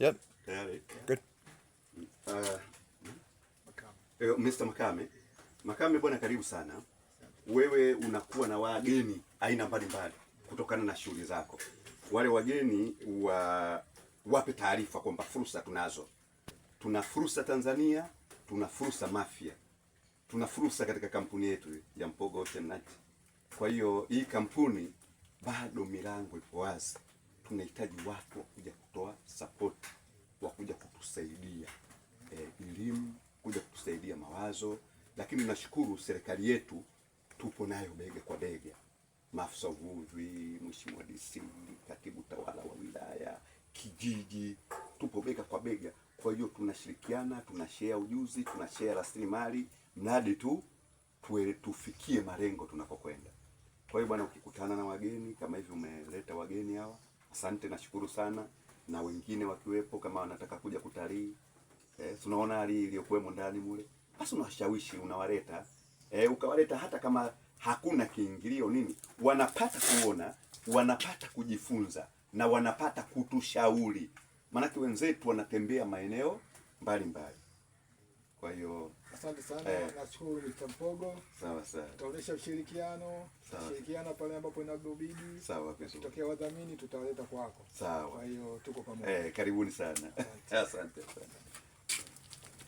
Yep. Tayari. Good. Uh, eh, Mr. Makame. Makame bwana, karibu sana. Wewe unakuwa na wageni aina mbalimbali kutokana na shughuli zako. Wale wageni wa wape taarifa kwamba fursa tunazo. Tuna fursa Tanzania, tuna fursa Mafia, tuna fursa katika kampuni yetu ya Mpogo Ocean Nut. Kwa hiyo hii kampuni bado milango ipo wazi, tunahitaji watu wa kuja nazo, lakini nashukuru serikali yetu tupo nayo bega kwa bega, maafisa uvuvi, mheshimiwa DC, katibu tawala wa wilaya, kijiji, tupo bega kwa bega. Kwa hiyo tunashirikiana, tunashea ujuzi, tunashea rasilimali, mradi tu tuwele, tufikie malengo tunakokwenda. Kwa hiyo bwana, ukikutana na wageni kama hivi, umeleta wageni hawa, asante, nashukuru sana, na wengine wakiwepo kama wanataka kuja kutalii eh, tunaona hali iliyokuwemo ndani mule basi unawashawishi, unawaleta e, ukawaleta hata kama hakuna kiingilio nini, wanapata kuona, wanapata kujifunza na wanapata kutushauri, maanake wenzetu wanatembea maeneo mbalimbali. Kwa hiyo asante sana eh. Nashukuru Mr. Mpogo, sawa sawa, tutaonesha ushirikiano, tutashirikiana pale ambapo inavyobidi. Sawa, tutokea wadhamini tutawaleta kwako. Sawa, kwa hiyo tuko pamoja eh, karibuni sana asante, asante.